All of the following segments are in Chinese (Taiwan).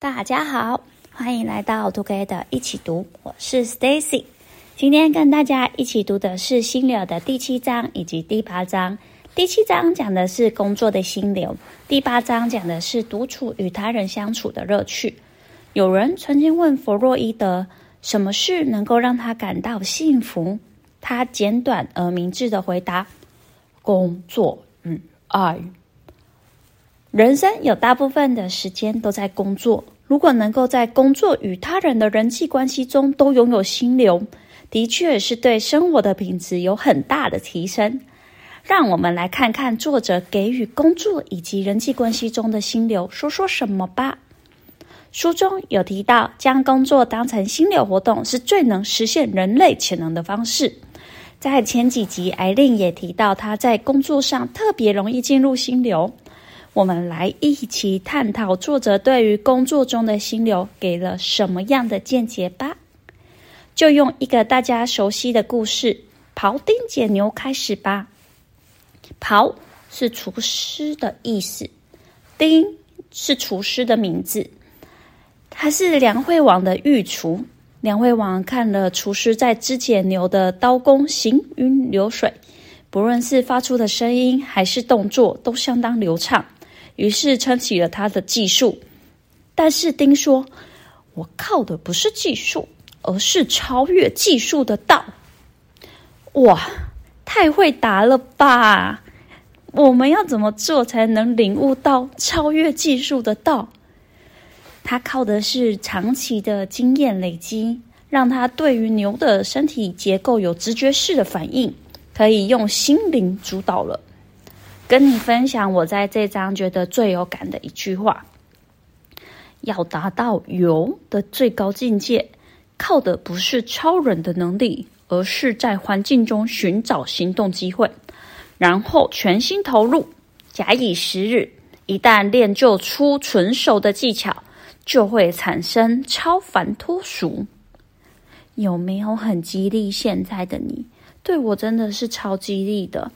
大家好，歡迎來到 Together 的《一起讀》，我是 Stacy。今天跟大家一起讀的是《心流》的第七章以及第八章。第七章講的是工作的心流，第八章講的是獨處與他人相處的樂趣。有人曾經問弗洛伊德，什麼事能夠讓他感到幸福？他簡短而明智地回答：工作與、嗯、愛。人生有大部分的時間都在工作，如果能夠在工作與他人的人際關係中都擁有心流，的確是對生活的品質有很大的提升。讓我們來看看作者給予工作以及人際關係中的心流說說什麼吧。書中有提到，將工作當成心流活動是最能實現人類潛能的方式。在前幾集，Aileen 也提到她在工作上特別容易進入心流。我們來一起探討作者對於工作中的心流給了什麼樣的見解吧。就用一個大家熟悉的故事“庖丁解牛”開始吧。庖是廚師的意思，丁是廚師的名字，他是梁惠王的御廚。梁惠王看了廚師在肢解牛的刀工行雲流水，不論是發出的聲音還是動作，都相當流暢。於是撐起了他的技術，但是丁說：“我靠的不是技術，而是超越技術的道。”哇，太會答了吧！我們要怎麼做才能領悟到超越技術的道？他靠的是長期的經驗累積，讓他對於牛的身體結構有直覺式的反應，可以用心靈主導了。跟你分享，我在這章覺得最有感的一句話：要達到遊的最高境界，靠的不是超人的能力，而是在環境中尋找行動機會，然後全心投入，假以時日，一旦練就出純熟的技巧，就會產生超凡脫俗。有沒有很激勵現在的你？對，我真的是超激勵的。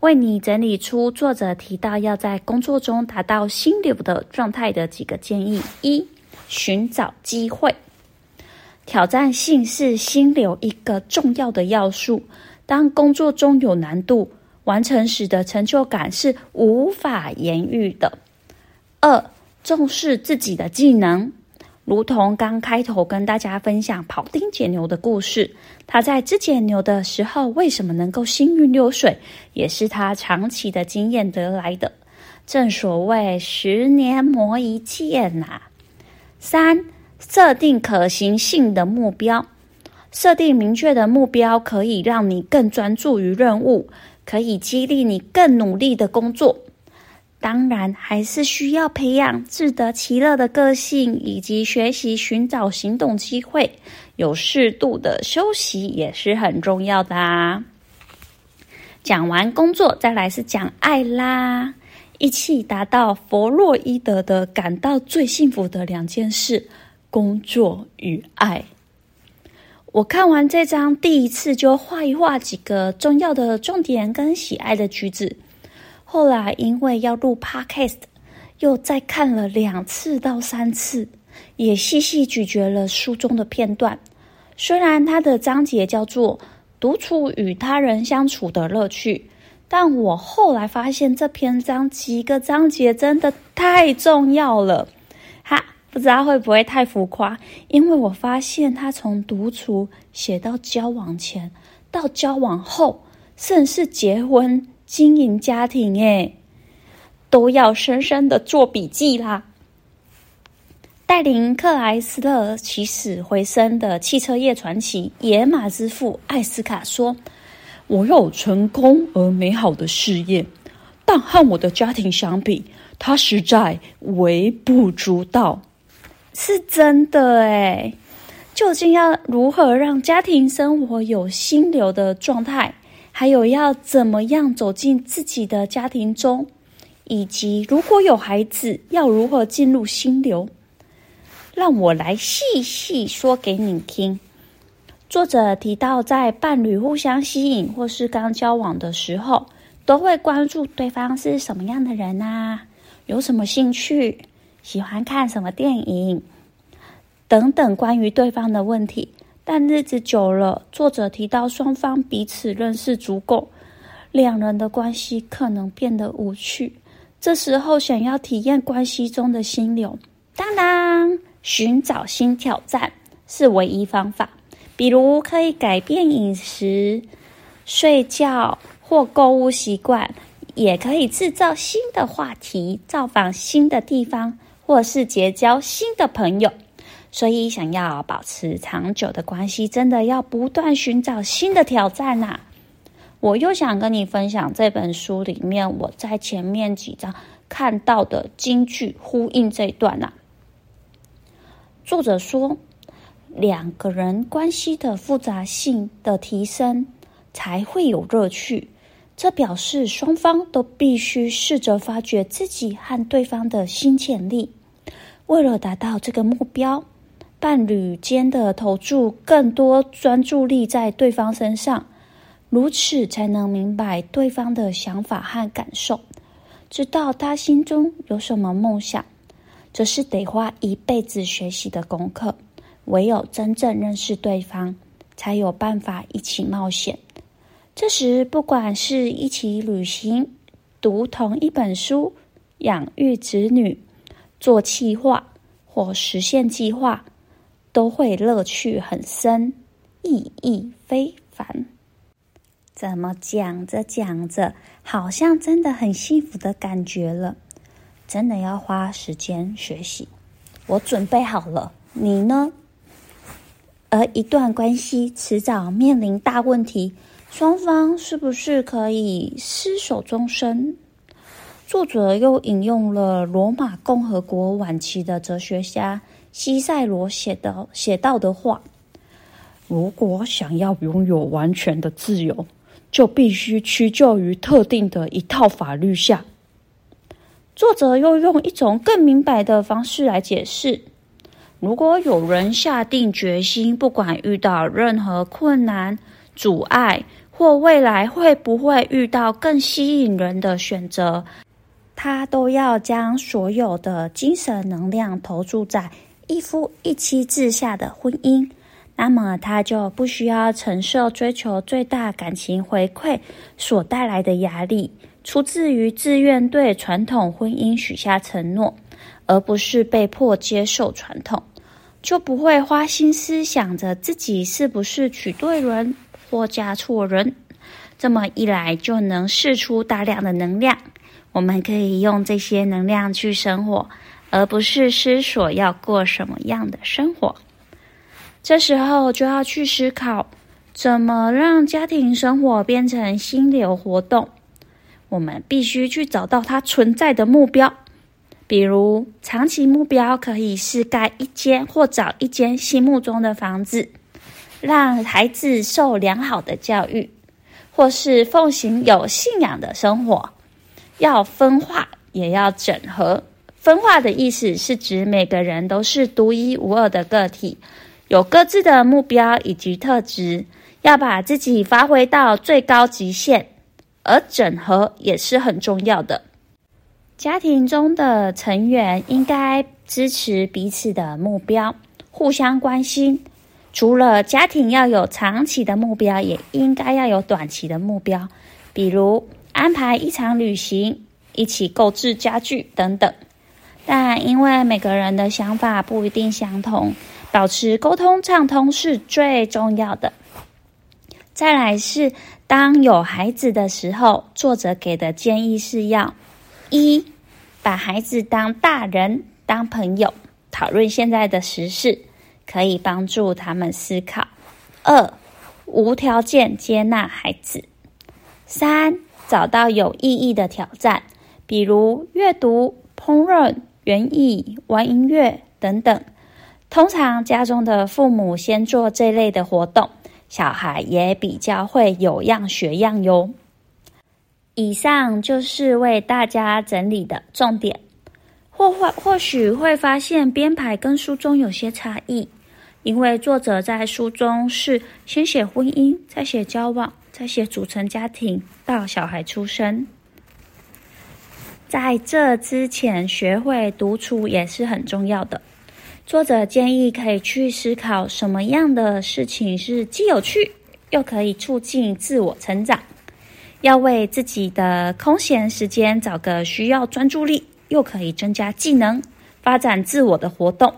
為你整理出作者提到要在工作中達到心流的狀態的幾個建議。一、尋找機會。挑戰性是心流一個重要的要素。當工作中有難度，完成時的成就感是無法言喻的。二、重視自己的技能。如同剛開頭跟大家分享庖丁解牛的故事，他在肢解牛的時候為什麼能夠行雲流水，也是他長期的經驗得來的。正所謂十年磨一劍吶、啊。三、設定可行性的目標。設定明確的目標，可以讓你更專注於任務，可以激勵你更努力的工作。當然，還是需要培養自得其樂的個性，以及學習尋找行動機會。有適度的休息也是很重要的啊。講完工作，再來是講愛啦。一起達到佛洛伊德的感到最幸福的兩件事：工作與愛。我看完這章，第一次就畫一畫幾個重要的重點跟喜愛的句子。後來，因為要錄 podcast，又再看了兩次到三次，也細細咀嚼了書中的片段。雖然它的章節叫做“獨處與他人相處的樂趣”，但我後來發現這篇章幾個章節真的太重要了。哈，不知道會不會太浮誇？因為我發現它從獨處寫到交往前，到交往後，甚至是結婚。經營家庭，誒，都要深深的做筆記啦。帶領克萊斯勒起死回生的汽車業傳奇——野馬之父艾斯卡說：“我有成功而美好的事業，但和我的家庭相比，它實在微不足道。”是真的誒，究竟要如何讓家庭生活有心流的狀態？還有要怎麼樣走進自己的家庭中，以及如果有孩子，要如何進入心流？讓我來細細說給你聽。作者提到，在伴侶互相吸引或是剛交往的時候，都會關注對方是什麼樣的人啊，有什麼興趣，喜歡看什麼電影等等關於對方的問題。但日子久了，作者提到雙方彼此認識足夠，兩人的關係可能變得無趣。這時候想要體驗關係中的心流，當當，尋找新挑戰是唯一方法。比如可以改變飲食、睡覺或購物習慣，也可以制造新的話題，造訪新的地方，或是結交新的朋友。所以，想要保持長久的關係，真的要不斷尋找新的挑戰吶、啊！我又想跟你分享這本書裡面我在前面幾章看到的金句呼應這一段吶、啊。作者說：“兩個人關係的複雜性的提升，才會有樂趣。這表示雙方都必須試着發掘自己和對方的新潛力。為了達到這個目標。”伴侶間的投注更多專注力在對方身上，如此才能明白對方的想法和感受，知道他心中有什麼夢想。這是得花一輩子學習的功課。唯有真正認識對方，才有辦法一起冒險。這時，不管是一起旅行、讀同一本書、養育子女、做計劃或實現計劃，都會樂趣很深，意義非凡。怎麼講着講着，好像真的很幸福的感覺了。真的要花時間學習。我準備好了，你呢？而一段關係遲早面臨大問題，雙方是不是可以廝守終生？作者又引用了羅馬共和國晚期的哲學家。西塞羅寫的，寫到的話：“如果想要擁有完全的自由，就必須屈就於特定的一套法律下。”作者又用一種更明白的方式來解釋：“如果有人下定決心，不管遇到任何困難、阻礙，或未來會不會遇到更吸引人的選擇，他都要將所有的精神能量投注在。”一夫一妻制下的婚姻，那麼他就不需要承受追求最大感情回饋所帶來的壓力。出自於自願對傳統婚姻許下承諾，而不是被迫接受傳統，就不會花心思想着自己是不是娶對人或嫁錯人。這麼一來，就能釋出大量的能量。我們可以用這些能量去生活。而不是思索要過什麼樣的生活，這時候就要去思考怎麼讓家庭生活變成心流活動。我們必須去找到它存在的目標，比如長期目標可以是蓋一間或找一間心目中的房子，讓孩子受良好的教育，或是奉行有信仰的生活，要分化，也要整合。分化的意思是指每個人都是獨一無二的個體，有各自的目標以及特質，要把自己發揮到最高極限，而整合也是很重要的。家庭中的成員應該支持彼此的目標，互相關心。除了家庭要有長期的目標，也應該要有短期的目標，比如安排一場旅行，一起購置家具等等。但因為每個人的想法不一定相同，保持溝通暢通是最重要的。再來是，當有孩子的時候，作者給的建議是要：一，把孩子當大人當朋友，討論現在的時事，可以幫助他們思考；二，無條件接納孩子；三，找到有意義的挑戰，比如閱讀、烹飪。園藝、玩音樂等等，通常家中的父母先做這類的活動，小孩也比較會有樣學樣喲。以上就是為大家整理的重點，或或或許會發現編排跟書中有些差異，因為作者在書中是先寫婚姻，再寫交往，再寫組成家庭，到小孩出生。在這之前，學會獨處也是很重要的。作者建議可以去思考什麼樣的事情是既有趣又可以促進自我成長。要為自己的空閒時間找個需要專注力又可以增加技能、發展自我的活動。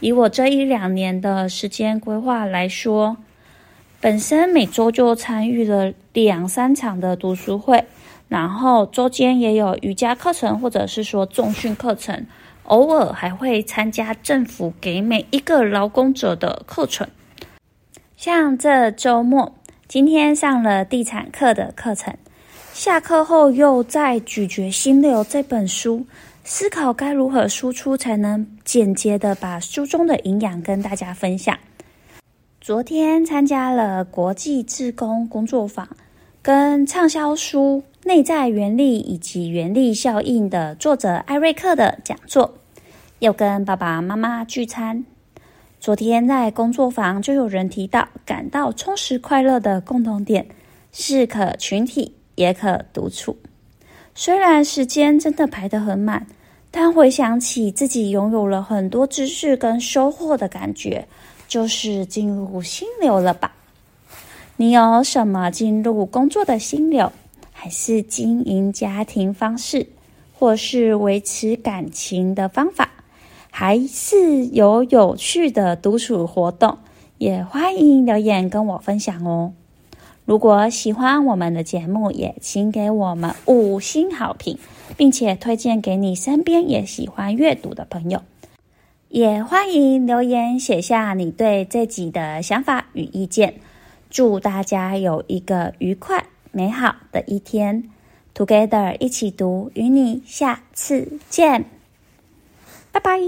以我這一兩年的時間規劃來說，本身每週就參與了兩三場的讀書會。然後週間也有瑜伽課程，或者是說重訓課程，偶爾還會參加政府給每一個勞工者的課程。像這周末，今天上了地產課的課程，下課後又再咀嚼《心流》這本書，思考該如何輸出才能簡潔的把書中的營養跟大家分享。昨天參加了國際志工工作坊，跟暢銷書。內在原力以及原力效應的作者艾瑞克的講座，又跟爸爸媽媽聚餐。昨天在工作坊就有人提到，感到充實快樂的共同點是可群體也可獨處。雖然時間真的排得很滿，但回想起自己擁有了很多知識跟收穫的感覺，就是進入心流了吧？你有什麼進入工作的心流？還是經營家庭方式，或是維持感情的方法，還是有有趣的獨處活動，也歡迎留言跟我分享哦。如果喜歡我們的節目，也請給我們五星好評，並且推薦給你身邊也喜歡閱讀的朋友。也歡迎留言寫下你對這集的想法與意見。祝大家有一個愉快！美好的一天，Together 一起讀，與你下次見。拜拜。